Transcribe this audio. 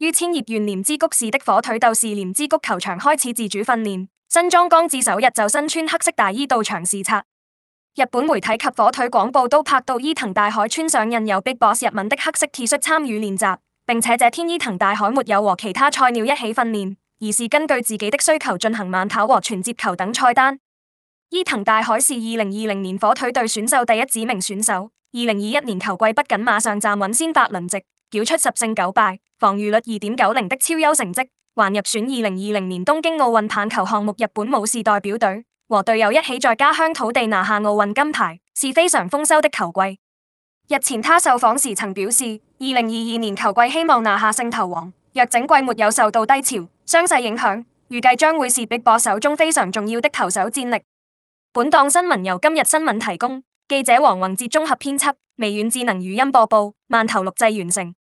於千葉縣鎌之谷市的火腿鬥士鎌之谷球場開始自主訓練，新莊剛志首日就身穿黑色大衣到場視察。日本媒體及火腿廣報都拍到伊藤大海穿上印有 “Big Boss” 日文的黑色 T 恤參與練習，並且這天伊藤大海沒有和其他菜鳥一起訓練，而是根據自己的需求進行慢跑和傳接球等菜單。伊藤大海是二零二零年火腿隊選秀第一指名選手。二零二一年球季不僅馬上站穩先發輪值，繳出十勝九敗、防禦率二點九零的超優成績，還入選二零二零年東京奧運棒球項目日本武士代表隊，和隊友一起在家鄉土地拿下奧運金牌，是非常豐收的球季。日前他受訪時曾表示，二零二二年球季希望拿下勝投王，若整季沒有受到低潮傷勢影響，預計將會是 Big Boss 手中非常重要的投手戰力。本檔新聞由今日新聞提供。記者黃宏哲綜合編輯，微軟智能語音播報，饅頭錄製完成。